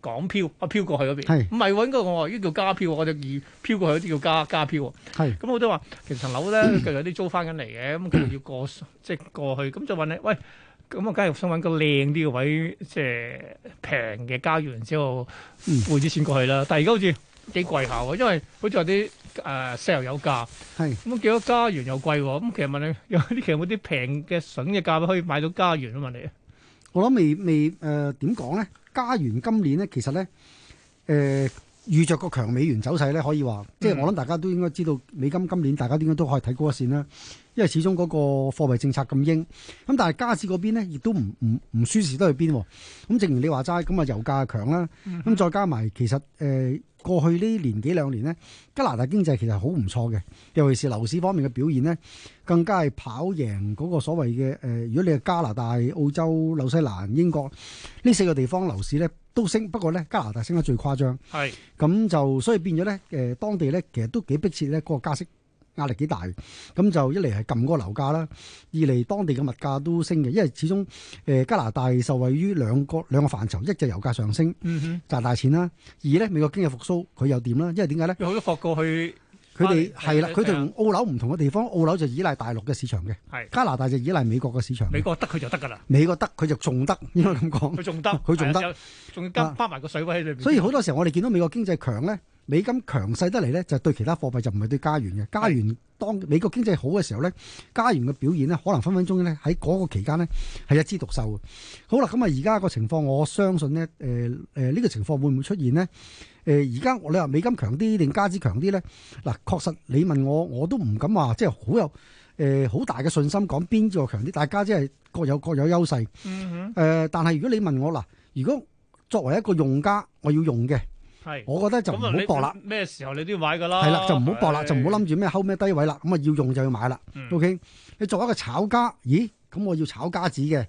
港漂，啊，漂過去嗰邊，唔係揾個喎，呢、哦、叫加漂，我就意漂過去嗰啲叫加加漂。係咁是，我都話其實層樓咧，其實有啲租翻緊嚟嘅，咁佢要過即係、嗯、過去，咁就問你，喂，咁我梗係想揾個靚啲嘅位，即係平嘅加元之後換啲錢過去啦。但係而家好似幾貴下喎，因為好似有啲誒石油有價係咁叫咗加元又貴喎、哦，咁其實問你有啲其實冇啲平嘅筍嘅價可以買到加元啊？我問你， 我諗未未誒點講咧？加完今年咧，其實咧，誒、呃。遇着個強美元走勢咧，可以話，即係我諗大家都應該知道，美金今年大家點解都可以睇高一線啦。因為始終嗰個貨幣政策咁鷹，咁但係加息嗰邊咧，亦都唔唔唔輸蝕都去邊。咁正如你話齋，咁啊油價強啦，咁再加埋其實誒、呃、過去呢年幾兩年咧，加拿大經濟其實好唔錯嘅，尤其是樓市方面嘅表現咧，更加係跑贏嗰個所謂嘅誒。如果你係加拿大、澳洲、紐西蘭、英國呢四個地方樓市咧，都升，不過咧，加拿大升得最誇張，係咁是，就所以變咗咧，誒，當地咧，其實都幾迫切咧，個加息壓力幾大，咁就一嚟係撳個樓價啦，二嚟當地嘅物價都升嘅，因為始終誒、呃、加拿大受惠於兩個兩個範疇，一就油價上升，賺、嗯、哼大錢啦；二咧美國經濟復甦，佢又點啦？因為點解咧？有好多貨過去。佢哋係啦，佢同澳洲唔同嘅地方，澳洲就依賴大陸嘅市場嘅，的加拿大就依賴美國嘅市場。美國得佢就得噶啦，美國得佢就仲得，應該咁講。佢仲得，佢仲 得，仲要的加翻埋個水位喺裏面。所以好多時候，我哋見到美國經濟強咧，美金強勢得嚟咧，就對其他貨幣就唔係對加元嘅。加元當美國經濟好嘅時候咧，加元嘅表現咧，可能分分，分鐘咧喺嗰個期間咧係一枝獨秀嘅。好啦，咁啊而家個情況，我相信咧，誒誒呢個情況會唔會出現咧？誒而家你話美金強啲定加紙強啲咧？嗱，確實你問我，我都唔敢話，即係好有誒好、呃、大嘅信心講邊個強啲。大家即係各有各有優勢。誒、呃，但係如果你問我嗱，如果作為一個用家，我要用嘅，是我覺得就唔好搏啦。咩時候你都要買噶啦？係啦，就唔好搏啦，的就唔好諗住咩後咩低位啦。咁啊要用就要買啦。嗯、OK，你作為一個炒家，咦？咁我要炒加紙嘅。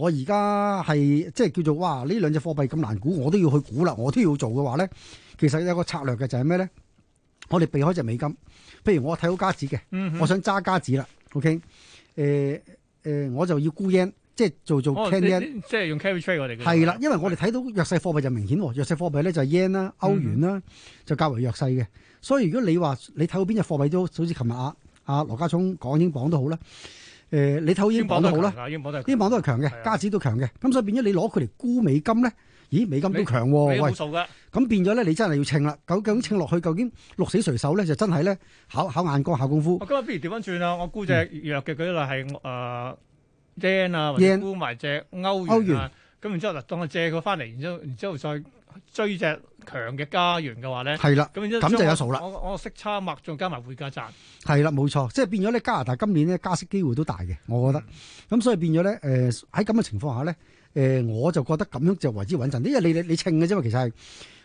我而家係即係叫做哇！呢兩隻貨幣咁難估，我都要去估啦，我都要做嘅話咧，其實有一個策略嘅就係咩咧？我哋避開隻美金，譬如我睇好加紙嘅，嗯、哼我想揸加紙啦。O K，誒誒，我就要沽 yen，即係做做 carry 即係用 carry trade 我哋。係啦，因為我哋睇到弱勢貨幣就明顯，弱勢貨幣咧就係 yen 啦、歐元啦，嗯、就較為弱勢嘅。所以如果你話你睇到邊隻貨幣都，好似琴日阿阿羅家聰講英鎊都好啦。誒、呃，你睇好英鎊都好啦，英鎊都係強嘅，加紙都強嘅，咁是的 所以變咗你攞佢嚟估美金咧，咦，美金都強喎、啊，數喂，咁變咗咧，你真係要稱啦，究竟稱落去究竟鹿死誰手咧，就真係咧考考眼光考功夫。咁、啊、今日不如調翻轉啊，我估隻弱嘅嗰啲就係誒 yen 啊，或者估埋隻歐元咁、啊、元然之後嗱，當我借佢翻嚟，然之後，然之後再。追隻強嘅家園嘅話咧，係啦的，咁就有數啦。我我息差麥，仲加埋匯加賺，係啦，冇錯。即係變咗咧，加拿大今年咧加息機會都大嘅，我覺得。咁、嗯、所以變咗咧，誒喺咁嘅情況下咧，誒、呃、我就覺得咁樣就為之穩陣。因為你你你稱嘅啫嘛，其實係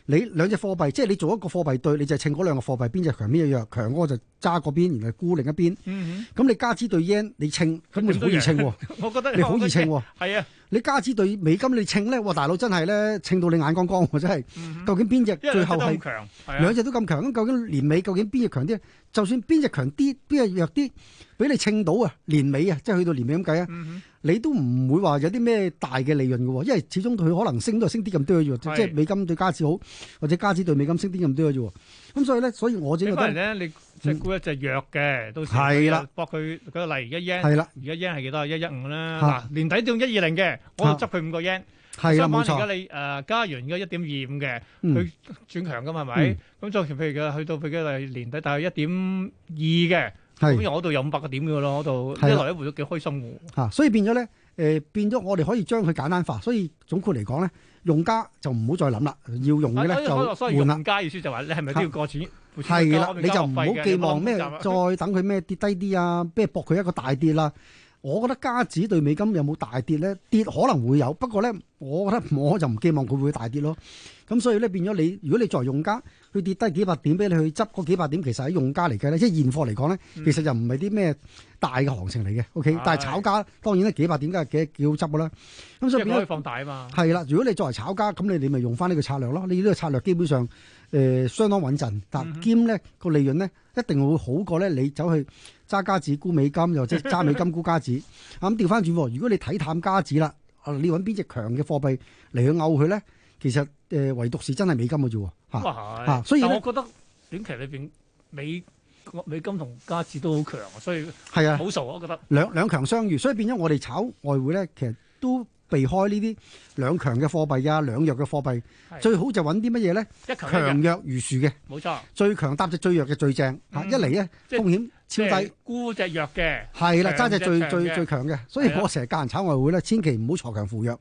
你兩隻貨幣，即係你做一個貨幣對，你就係稱嗰兩個貨幣邊隻強邊隻弱，強嗰個就揸嗰邊，然後沽另一邊。嗯咁哼你加支對 yen，你稱，咁你好易稱喎、嗯，我覺得你好易稱喎，係啊。你加資對美金你稱咧，哇大佬真係咧，稱到你眼光光喎！真係，究竟邊隻最後係強？兩隻都咁強？咁究竟年尾究竟邊隻強啲咧？就算邊隻強啲，邊隻弱啲，俾你稱到啊！年尾啊，即係去到年尾咁計啊，你都唔會話有啲咩大嘅利潤嘅，因為始終佢可能升都係升啲咁多嘅啫，即係美金對加資好，或者加資對美金升啲咁多嘅啫。咁所以咧，所以我只覺得咧，你整估一隻弱嘅，到時你搏佢，舉個例，而家 yen 係喇，而家 yen 係幾多啊？一一五啦，嗱，年底仲一二零嘅。我執佢五個 yen，相反而家你誒加元而家一點二五嘅，去轉強嘅嘛係咪？咁再譬如佢去到佢嘅嚟年底大概一點二嘅，咁我度有五百個點嘅咯，我度一來一回都幾開心嘅。吓，所以變咗咧誒，變咗我哋可以將佢簡單化，所以總括嚟講咧，用家就唔好再諗啦，要用嘅咧就換啦。用家意思就話你係咪都要過錢？係啦，你就唔好寄望咩，再等佢咩跌低啲啊，不如搏佢一個大跌啦。我覺得加息對美金有冇大跌咧？跌可能會有，不過咧，我覺得我就唔寄望佢會大跌咯。咁所以咧，變咗你如果你作為用家，佢跌低幾百點俾你去執嗰幾百點，其實喺用家嚟計咧，即係現貨嚟講咧，嗯、其實就唔係啲咩大嘅行情嚟嘅。OK，啊、但係炒家當然咧，幾百點梗係幾幾好執嘅啦。咁所以變咗可以放大啊嘛。係啦，如果你作為炒家，咁你你咪用翻呢個策略咯。你呢個策略基本上。誒、呃，相當穩陣，但兼咧個利潤咧一定會好過咧，你走去揸加紙沽美金，又或者揸美金沽加紙。咁調翻轉，如果你睇淡加紙啦，你揾邊隻強嘅貨幣嚟去拗佢咧？其實，誒，唯獨是真係美金嘅啫。咁哇 啊但 所以我覺得短期裏邊美美金同加紙都好強，所以係啊，好熟，我覺得兩兩強相遇，所以變咗我哋炒外匯咧，其實都避開呢啲。兩強嘅貨幣啊，兩弱嘅貨幣，最好就揾啲乜嘢咧？強弱如樹嘅，冇錯，最強搭隻最弱嘅最正嚇。一嚟咧，風險超低，沽隻弱嘅，係啦，揸隻最最最強嘅。所以我成日教人炒外匯咧，千祈唔好鋤強扶弱。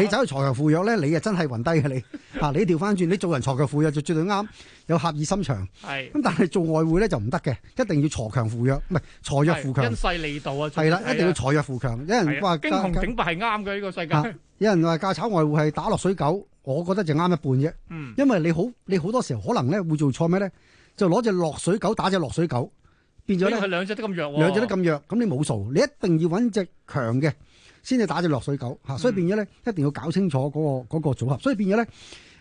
你走去鋤強扶弱咧，你啊真係暈低嘅。你嚇！你調翻轉，你做人鋤強扶弱就絕對啱，有俠義心腸。係咁，但係做外匯咧就唔得嘅，一定要鋤強扶弱，唔係鋤弱扶強。因勢利導啊，係啦，一定要鋤弱扶強。有人話驚熊白係啱嘅呢個世界。有人話教炒外匯係打落水狗，我覺得就啱一半啫。嗯、因為你好，你好多時候可能咧會做錯咩咧？就攞隻落水狗打隻落水狗，變咗咧。兩隻都咁弱，哦、弱，兩隻都咁弱，咁你冇數，你一定要揾隻強嘅先至打隻落水狗吓。嗯、所以變咗咧，一定要搞清楚嗰、個嗰、個組合。所以變咗咧。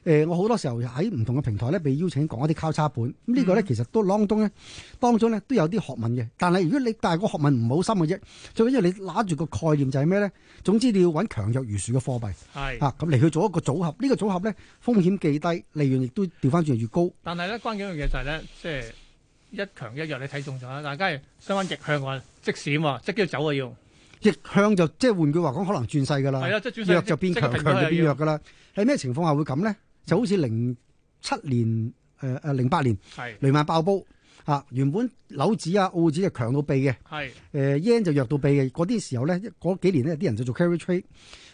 誒、呃，我好多時候喺唔同嘅平台咧，被邀請講一啲交叉盤。咁呢、嗯、個咧，其實都當中咧，當中咧都有啲學問嘅。但係如果你但係個學問唔好深嘅啫，最緊要你攞住個概念就係咩咧？總之你要揾強弱如樹嘅貨幣。係是啊，咁嚟去做一個組合。呢、這個組合咧風險極低，利潤亦都調翻轉越高。但係咧，關鍵、就是就是、一樣嘢就係咧，即係一強一弱你睇中咗，但係假如相反逆向嘅話，即閃喎，即刻走啊要。逆向就即係換句話講，可能轉勢㗎啦。係即弱就變強，強就變弱㗎啦。喺咩要情況下會咁咧？就好似零七年，誒誒零八年，雷曼爆煲嚇是的、啊，原本紐子啊、澳子就強到痹嘅，係誒 yen 就弱到痹嘅，嗰啲時候咧，嗰幾年咧，啲人就做 carry trade，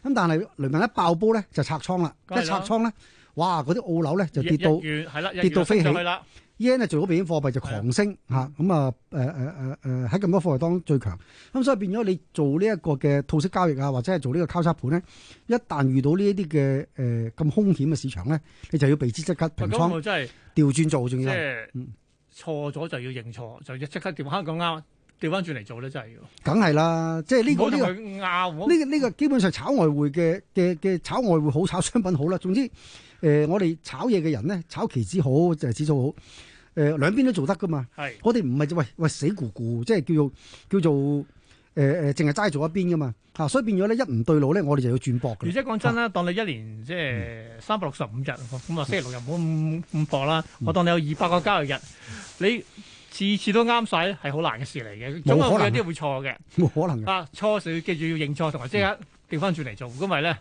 咁但係雷曼一爆煲咧，就拆倉啦，的一拆倉咧。哇！嗰啲澳樓咧就跌到跌到飛起啦。嗯、yen 做咗避險貨幣就狂升嚇。咁啊、嗯，誒誒誒誒，喺咁多貨幣當中最強。咁所以變咗你做呢一個嘅套息交易啊，或者係做呢個交叉盤咧，一旦遇到呢一啲嘅誒咁兇險嘅市場咧，你就要備知即刻平倉。咁、哎、我真係調轉做，仲要即係錯咗就要認錯，就要即刻調。啱咁啱，調翻轉嚟做咧，真係要。梗係啦，即係呢個呢、呢個呢個基本上炒外匯嘅嘅嘅炒外匯好，炒商品好啦，總之。嗯誒、呃，我哋炒嘢嘅人咧，炒期指好，就係指數好，誒、呃、兩邊都做得噶嘛。係是，我哋唔係喂喂死咕咕，即係叫做叫做誒誒，淨係齋做一邊噶嘛。嚇，所以變咗咧，一唔對路咧，我哋就要轉博。而且講真啦，哦、當你一年即係三百六十五日，咁啊星期六日唔好唔唔博啦。我當你有二百個交易日，你次次都啱晒咧，係好難嘅事嚟嘅。總係有啲會,會錯嘅。冇可能啊！初、啊、時要記住要認錯，同埋即刻掉翻轉嚟做，咁咪唔咧，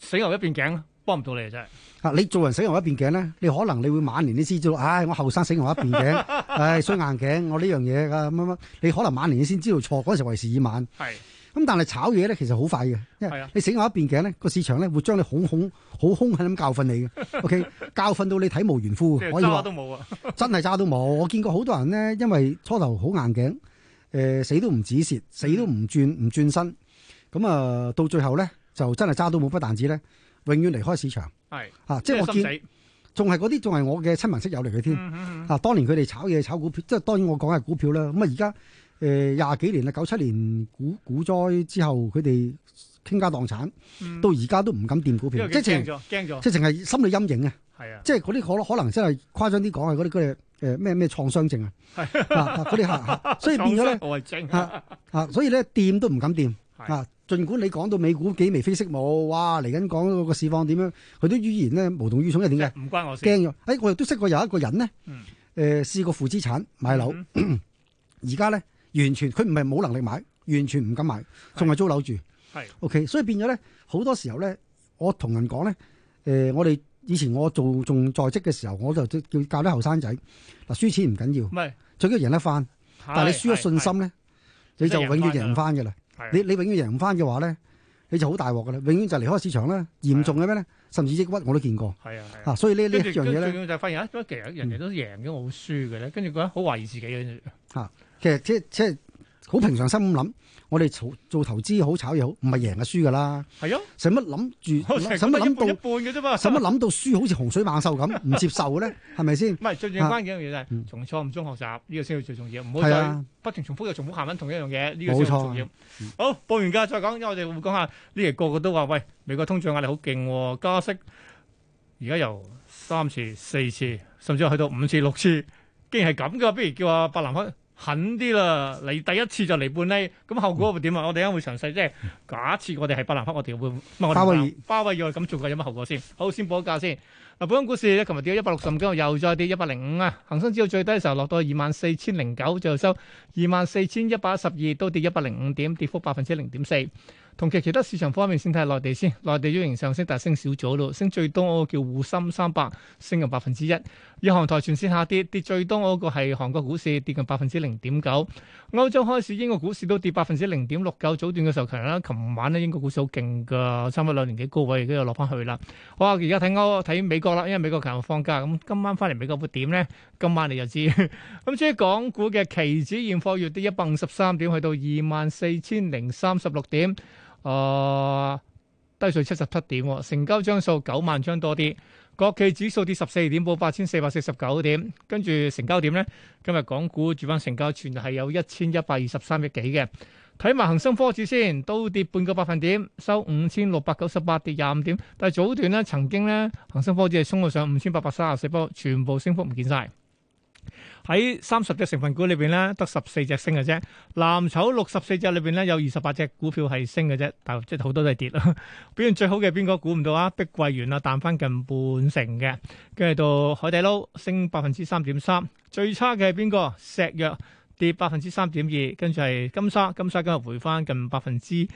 死牛一邊頸咯。幫唔到你，真係啊！你做人死硬一邊頸咧，你可能你會晚年你先知道，唉、哎，我後生死一邊、 哎、硬一邊頸，唉，衰硬頸，我呢樣嘢噶乜乜。你可能晚年你先知道錯，嗰時為時已晚。係咁的，但係炒嘢咧，其實好快嘅，因為你死硬一邊頸咧，個市場咧會將你好恐好凶狠咁教訓你嘅。O、okay? K，教訓到你體無完膚嘅， 可以話 真係揸到冇。 我見過好多人咧，因為初頭好硬頸，誒、呃，死都唔止蝕，死都唔轉唔轉身，咁啊，到最後咧就真係揸到冇不但止咧。永遠離開市場，係啊！即係我見，仲係嗰啲仲係我嘅親民識友嚟嘅添。嗯、哼哼啊，當年佢哋炒嘢炒股票，即係當然我講係股票啦。咁啊，而家誒廿幾年啦，九七年股股災之後，佢哋傾家蕩產，到而家都唔敢掂股票，嗯、即係驚咗，即係淨係心理陰影啊！係啊，即係嗰啲可可能真係誇張啲講係嗰啲嗰啲咩咩創傷症啊！啊嗰啲嚇，所以變咗咧嚇，所以咧掂都唔敢掂啊！啊 盡管你講到美股幾眉飛色舞，哇！嚟緊講嗰個市況點樣，佢都依然咧無動於衷，係點嘅？唔關我事。驚咗，哎！我又都識過有一個人咧，誒試過負資產買樓，而家咧完全佢唔係冇能力買，完全唔敢買，仲係租樓住。係。O K，所以變咗咧，好多時候咧，我同人講咧，誒，我哋以前我做仲在職嘅時候，我就叫教啲後生仔嗱，輸錢唔緊要，最緊要贏得翻。但係你輸咗信心咧，你就永遠贏唔翻嘅啦。你你永遠贏唔翻嘅話咧，你就好大鑊㗎喇，永遠就離開市場啦，嚴重嘅咩咧，啊、甚至抑鬱我都見過。係啊，啊，啊，所以著呢呢一樣嘢咧，就係發現啊，其實人哋都贏嘅，我會輸嘅咧，跟住覺得好懷疑自己嘅。嚇，其實即係即係好平常心咁諗。我哋做投資好，炒又好，唔係贏就輸噶啦。係啊，使乜諗住，使乜諗到，使乜諗到輸，好似洪水猛獸咁，唔 接受嘅咧，係咪先？唔係，最最關鍵一樣嘢就係從錯誤中學習，呢、這個先係最重要。唔好再不停重複又重複行翻同一樣嘢，呢、嗯這個先重要。錯嗯、好，報完價再講，因為我哋會講下呢期個個都話喂，美國通脹壓力好勁、哦，加息而家由三次、四次，甚至去到五次、六次，竟然係咁嘅，不如叫阿白蘭開，狠啲啦，嚟第一次就嚟半厘，咁後果會點啊？嗯、我哋而家會詳細即係假設我哋係伯南克，我哋會鮑威爾鮑威爾咁做嘅有乜後果先？好，先報價先。嗱，本港股市咧，琴日跌咗一百六十五，幾，又再跌一百零五啊！恒生指數最低嘅時候落到二萬四千零九，就收二萬四千一百一十二，都跌一百零五點，跌幅百分之零點四。同其其他市場方面先睇下內地先。內地要形上升，但升少咗咯。升最多嗰個叫滬深三百，升緊百分之一。日韓台全線下跌，跌最多嗰個係韓國股市跌近百分之零點九。歐洲開市，英國股市都跌百分之零點六九。早段嘅時候強啦，琴晚咧英國股市好勁噶，差唔多兩年幾高位，亦都又落翻去啦。好啊，而家睇歐睇美國啦，因為美國琴日放假，咁今晚翻嚟美國會點咧？今晚你就知。咁 至於港股嘅期指現貨月跌一百五十三點，去到二萬四千零三十六點。啊、呃，低水七十七點，成交張數九萬張多啲。國企指數跌十四點，報八千四百四十九點。跟住成交點咧，今日港股主板成交全係有一千一百二十三億幾嘅。睇埋恒生科指先，都跌半個百分點，收五千六百九十八，跌廿五點。但係早段咧，曾經咧，恒生科指係衝到上五千八百三十四波，全部升幅唔見晒。喺三十隻成分股裏邊咧，得十四隻升嘅啫。藍籌六十四隻裏邊咧，有二十八隻股票係升嘅啫，但即係好多都係跌啦。 表現最好嘅邊個估唔到啊？碧桂園啊，彈翻近半成嘅。跟住到海底撈升百分之三點三，最差嘅係邊個？石藥跌百分之三點二，跟住係金沙，金沙今日回翻近百分之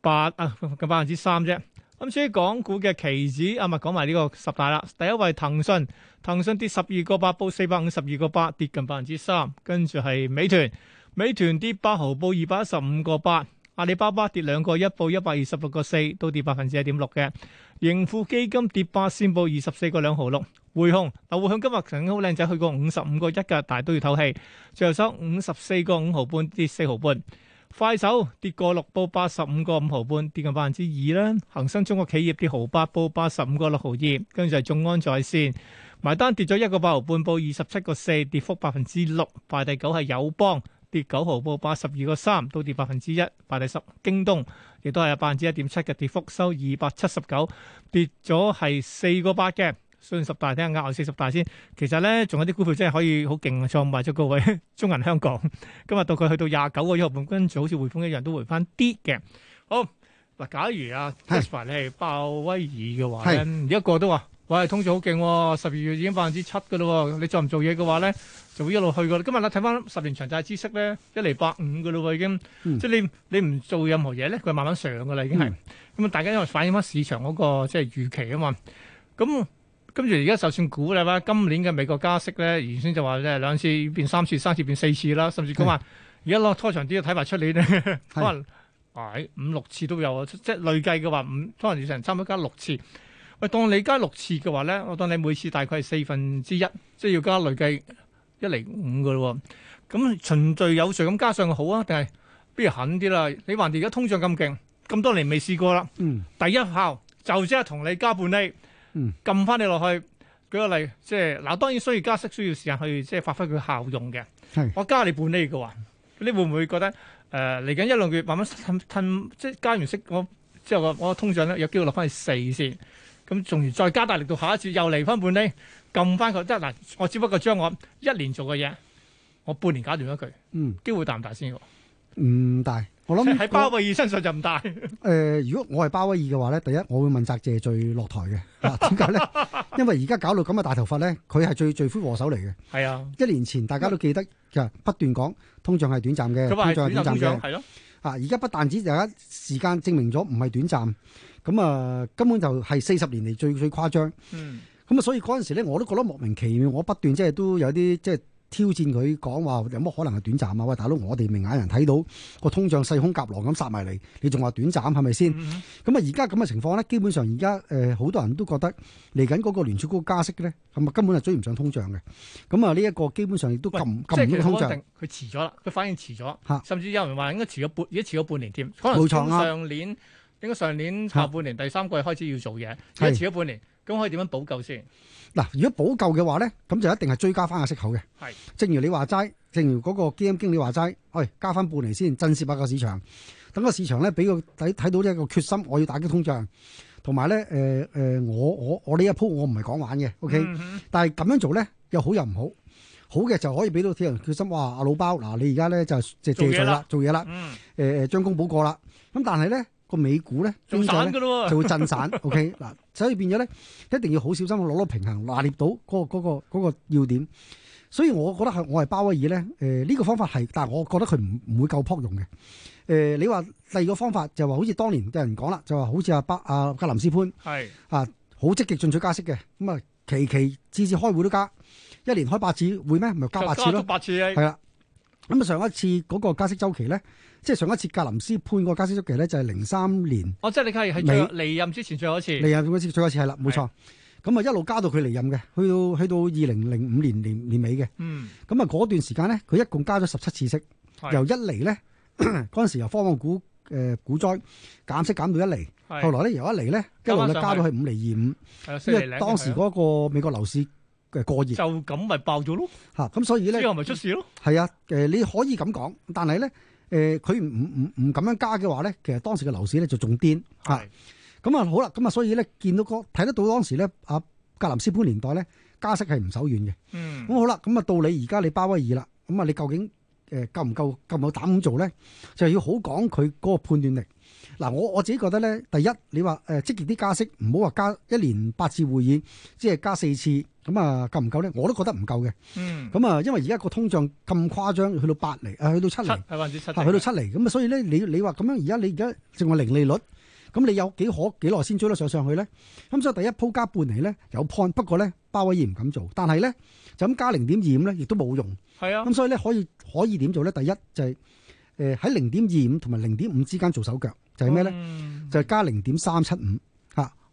八啊，近百分之三啫。咁所以港股嘅期指，阿咪講埋呢個十大啦。第一位騰訊，騰訊跌十二個八，報四百五十二個八，跌近百分之三。跟住係美團，美團跌八毫，報二百一十五個八。阿里巴巴跌兩個一，報一百二十六個四，都跌百分之一點六嘅。盈富基金跌八仙，報二十四個兩毫六，匯控。劉匯向今日曾經好靚仔，去過五十五個一嘅，但係都要唞氣。最後收五十四個五毫半，跌四毫半。快手跌過六毫，報八十五個五毫半，跌近百分之二啦。恒生中國企業跌毫八，報八十五個六毫二。跟住就係眾安在線埋單跌咗一個八毫半，報二十七個四，跌幅百分之六。排第九係友邦跌九毫，報八十二個三，都跌百分之一。排第十，京東亦都係有百分之一點七嘅跌幅 9, 跌，收二百七十九，跌咗係四個八嘅。信十大聽下，外四十大先。其實咧，仲有啲股票真係可以好勁，創埋咗高位。中銀香港今日到佢去到廿九個幾毫半，跟住好似匯豐一樣，都回翻啲嘅。好嗱，假如阿、啊、Tesla 是你係鮑威爾嘅話咧，而家是個都話：喂、哎，通脹好勁，十二月已經百分之七嘅啦。你再做唔做嘢嘅話咧，就會一路去嘅。今日咧睇翻十年長債孳息咧，一嚟百五嘅啦喎已經。即係、嗯、你你唔做任何嘢咧，佢慢慢上嘅啦已經係。咁啊、嗯，嗯、大家因為反映翻市場嗰、那個即係、就是、預期啊嘛。咁跟住而家就算估啦，今年嘅美國加息咧，原先就話即係兩次變三次、三次變四次啦，甚至講話而家落拖長啲睇，埋出年咧，可能是、 哎、五六次都有啊！即係累計嘅話，五可能要成差唔多加六次。喂，當你加六次嘅話咧，我當你每次大概係四分之一，即係要加累計一厘五嘅咯。咁、嗯、循、嗯、序有序咁加上好啊，定係不如狠啲啦、啊？你話而家通脹咁勁，咁多年未試過啦。第一炮就即係同你加半厘。嗯，撳翻你落去，舉個例，即係嗱，當然需要加息，需要時間去即係發揮佢效用嘅。係是，我加你半厘嘅話，你會唔會覺得誒嚟緊一兩月慢慢褪褪，即係加完息，我之後個我通脹咧有機會落翻去四先，咁仲要再加大力度，下一次又嚟翻半厘？撳翻佢。即係嗱，我只不過將我一年做嘅嘢，我半年搞掂咗佢。嗯，機會大唔大先？唔、嗯、大。嗯嗯嗯嗯我諗喺鮑威爾身上就唔大。誒、呃，如果我係鮑威爾嘅話咧，第一我會問責謝罪落台嘅。啊，點解咧？ 因為而家搞到咁嘅大頭發咧，佢係最罪魁禍首嚟嘅。係啊，一年前大家都記得，嗯、其實不斷講通脹係短暫嘅，通脹係短暫嘅係咯。啊，而家不但止，而家時間證明咗唔係短暫。咁啊，根本就係四十年嚟，最最誇張。嗯。咁啊、嗯，所以嗰陣時咧，我都覺得莫名其妙，我不斷即係都有啲即係。就是挑戰佢講話有乜可能係短暫啊？喂，大佬，我哋明眼人睇到個通脹細空夾狼咁殺埋嚟，你仲話短暫係咪先？咁啊，而家咁嘅情況咧，基本上而家誒好多人都覺得嚟緊嗰個聯儲局加息咧，係咪根本係追唔上通脹嘅？咁啊，呢一個基本上亦都撳撳唔到通脹，佢遲咗啦，佢反應遲咗，甚至有人話應該遲咗半，而家遲咗半年添。冇錯、啊、上年應該上年下半年第三季開始要做嘢，而家、啊、遲咗半年。咁可以點樣補救先？嗱、啊，如果補救嘅話咧，咁就一定係追加翻個息口嘅。係是，正如你話齋，正如嗰個基金經理話齋，喂、哎，加翻半年先，震懾下個市場，等個市場咧俾佢睇睇到一個決心，我要打擊通脹，同埋咧，誒、呃、誒、呃，我我我呢一鋪我唔係講玩嘅，O K，但係咁樣做咧又好又唔好，好嘅就可以俾到啲人決心，哇，阿老包，嗱，你而家咧就就借做啦，做嘢啦，誒、呃、誒，將功補過啦。咁但係咧個美股咧，就散噶咯，就會震散，O K，嗱。Okay? 所以變咗咧，一定要好小心攞到平衡，拿捏到嗰個嗰個嗰個要點。所以我覺得係我係鮑威爾咧，誒呢個方法係，但係我覺得佢唔唔會夠 port 用嘅。誒，你話第二個方法就話好似當年有人講啦，就話好似阿巴阿格林斯潘係是啊，好積極進取加息嘅。咁啊，期期次次開會都加，一年開八次會咩？咪加八次咯，八次係。咁啊，上一次嗰個加息周期咧，即係上一次格林斯潘個加息周期咧，就係零三年。哦，即係你係係最離任之前最後一次。離任次最後一次係啦，冇是錯。咁啊，一路加到佢離任嘅，去到去到二零零五年年年尾嘅。嗯。咁啊，嗰段時間咧，佢一共加咗十七次息，是由一釐咧，嗰陣 時由科網股誒、呃、股災減息減到一釐，是後來咧由一釐咧，一路我加到去五厘二五，25, 的因為當時嗰個美國樓市，嘅過熱就咁咪爆咗咯，嚇咁、啊、所以咧之後咪出事咯，係啊。誒、呃，你可以咁講，但係咧誒，佢唔唔唔唔咁樣加嘅話咧，其實當時嘅樓市咧就仲癲係咁啊。好啦，咁啊，所以咧見到嗰睇得到當時咧，阿、啊、格林斯潘年代咧加息係唔手軟嘅。嗯，咁、啊、好啦，咁啊到你而家你巴威爾啦，咁啊你究竟誒、呃、夠唔夠夠唔夠，夠，夠膽咁做咧？就要好講佢嗰個判斷力嗱、啊。我我，我自己覺得咧，第一，第一你話誒積極啲加息，唔好話加一年八次會議，即係加四次。咁啊，夠唔夠咧？我都覺得唔夠嘅。嗯。咁啊，因為而家個通脹咁誇張，去到八厘，啊，去到七厘，係百分之七、啊。去到七厘，咁啊，所以咧，你你話咁樣，而家你而家淨係零利率，咁你有幾可幾耐先追得上上去咧？咁、嗯、所以第一鋪加半厘咧有 point，不過咧鮑威爾唔敢做，但係咧就咁加零點二五咧，亦都冇用。係啊。咁、嗯、所以咧可以可以點做咧？第一就係誒喺零點二五同埋零點五之間做手腳，就係咩咧？嗯、就係加零點三七五。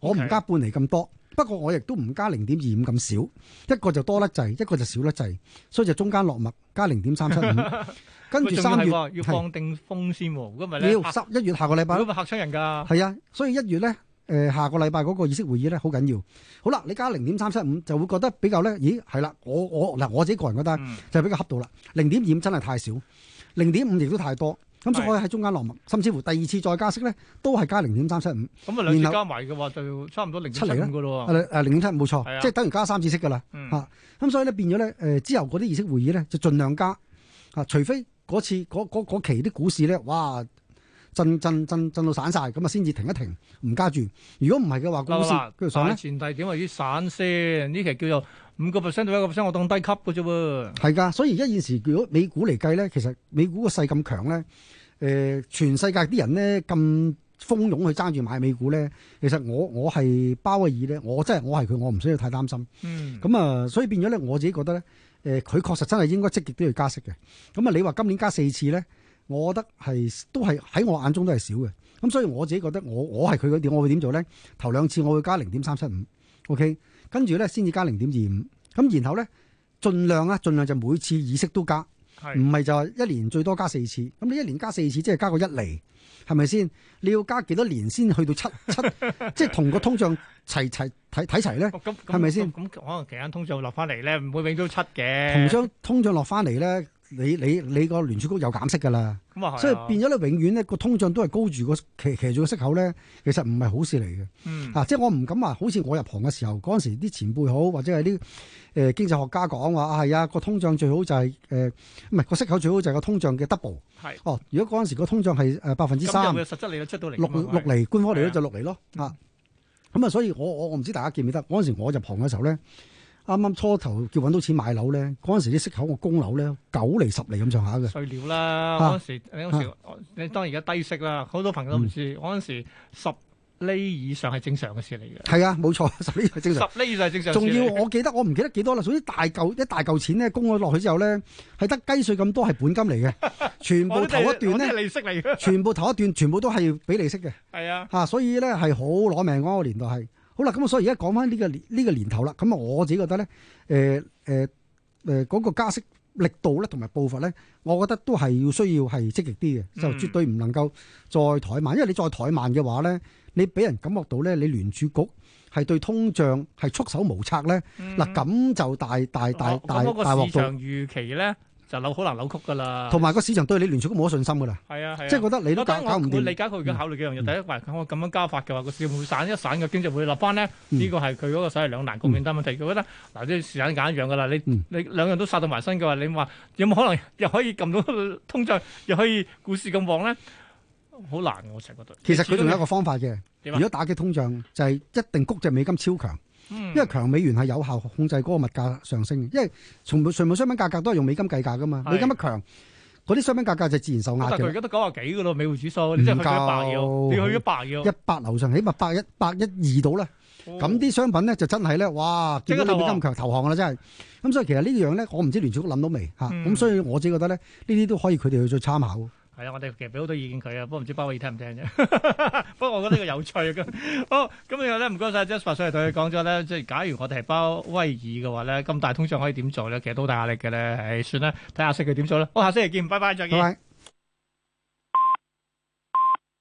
Okay. 我唔加半厘，咁多，不過我亦都唔加零點二五咁少，一個就多得滯，一個就少得滯，所以就中間落墨加零點三七五，跟住三月要放定風先、哦，如果唔係咧吓一月下個禮拜，如果唔係嚇親人噶，係啊，所以一月咧，誒、呃、下個禮拜嗰個議息會議咧好緊要，好啦，你加零點三七五就會覺得比較咧，咦係啦，我我嗱我自己個人覺得就比較恰到啦，零點二五真係太少，零點五亦都太多。咁、嗯、所以喺中間落墨，是甚至乎第二次再加息咧，都係加零點三七五。咁、呃、啊，加埋嘅話就差唔多零點七五嘅咯喎。零點七五冇錯，即係等於加三次息嘅啦。嚇、嗯，咁、啊、所以咧變咗咧誒，之後嗰啲議息會議咧就儘量加啊，除非嗰次嗰嗰嗰期啲股市咧，哇！震震，震震震震到散晒，咁啊先至停一停，唔加住。如果唔係嘅話，股市散前提點為啲散先？呢期叫做五個 percent 到一個 percent，我當低級嘅啫。係噶，所以而家現時如果美股嚟計咧，其實美股個勢咁強咧，誒、呃，全世界啲人咧咁蜂擁去爭住買美股咧，其實我我係鮑威爾咧，我真係我係佢，我唔需要太擔心。嗯。咁啊、嗯，所以變咗咧，我自己覺得咧，誒、呃，佢確實真係應該積極都要加息嘅。咁、嗯、啊、嗯，你話今年加四次咧？呢我覺得係都係喺我眼中都係少嘅，咁所以我自己覺得我我係佢嗰點，我會點做咧？頭兩次我會加零點三七五，OK，跟住咧先至加零點二五，咁然後咧儘量啊，儘量就每次利息都加，唔係的就係一年最多加四次。咁你一年加四次，即係加個一厘，係咪先？你要加幾多年先去到七 七？即係同個通脹齊齊睇睇齊咧，係咪先？咁那吧可能期間通脹落翻嚟咧，唔會永都七嘅。 同將通脹落翻嚟咧。你你你個聯儲局有減息噶啦，嗯嗯、所以變咗你永遠咧個通脹都係高住個騎騎住個息口咧，其實唔係好事嚟嘅。嗯，啊，即係我唔敢話，好似我入行嘅時候，嗰陣時啲前輩好或者係啲誒經濟學家講話係啊，個、啊、通脹最好就係誒唔係個息口最好就係個通脹嘅 double。係是。哦，如果嗰陣時個通脹係誒百分之三，咁有冇實質出到嚟？六六釐官方嚟咧就六釐咯。啊，咁、嗯、啊，所以，所以我我我唔知大家記唔記得嗰陣時我入行嘅時候咧。啱啱初頭叫搵到錢買樓咧，嗰陣時啲息口個供樓咧九厘，十厘咁上下嘅。碎料啦，嗰陣、啊、時，嗰時、啊、你當然而家低息啦，好多朋友都唔知。嗰陣、嗯、時十厘以上係正常嘅事嚟嘅。係啊，冇錯，十厘係正常。十厘以上係正常。仲要我記得我唔記得幾多啦，總之大嚿一大嚿錢咧供咗落去之後咧，係得雞碎咁多係本金嚟嘅， 全部頭一段咧 利息嚟嘅，全部頭一段全部都係俾利息嘅。係啊，吓、 啊、所以咧係好攞命嗰、嗰個年代係。好啦，咁啊，所以而家講翻呢個年呢、呢個年頭啦，咁啊，我自己覺得咧，誒誒誒，嗰、呃、個、呃呃、加息力度咧，同埋步伐咧，我覺得都係要需要係積極啲嘅，就絕對唔能夠再怠慢，因為你再怠慢嘅話咧，你俾人感覺到咧，你聯儲局係對通脹係束手無策咧，嗱咁、嗯、哼就大大大大、嗯、哼大鑊度。就扭好難扭曲噶啦，同埋個市場對你聯儲都冇信心噶啦，即係覺得你都搞搞唔掂。我理解佢而家考慮幾樣嘢，第一，喂，咁我咁樣加法嘅話，個市會散一散嘅，經濟會立返咧，呢個係佢嗰個所謂兩難局面。但問題佢覺得，嗱，即係時間揀一樣噶啦，你你兩樣都殺到埋身嘅話，你話有冇可能又可以撳到通脹，又可以股市咁旺咧？好難，我成日覺得。其實佢仲有一個方法嘅，如果打擊通脹，就係一定谷隻美金超強。嗯、因為強美元係有效控制嗰個物價上升嘅，因為從全部商品價格都係用美金計價噶嘛，是美金一強，嗰啲商品價格就自然受壓嘅。而家都九廿幾噶咯，美匯指數，你夠去一百喎，你去咗一百喎，一百樓上起碼百一百一二度啦，咁啲、哦、商品咧就真係咧，哇，呢啲美金強投降啦真係，咁所以其實呢樣咧，我唔知聯儲局諗到未吓，咁、嗯、所以我自己覺得咧，呢啲都可以佢哋去做參考。係啊、嗯，我哋其實俾好多意見佢啊，不過唔知鮑威爾聽唔聽啫。 不過我覺得呢個有趣嘅。 好咁，然後咧唔該晒 Jasper 上嚟同你講咗咧，即係假如我哋係包威爾嘅話咧，咁大通脹可以點做咧？其實都好大壓力嘅咧。誒，算啦，睇下星期佢點做啦。我下星期見，拜拜，再見。Bye bye.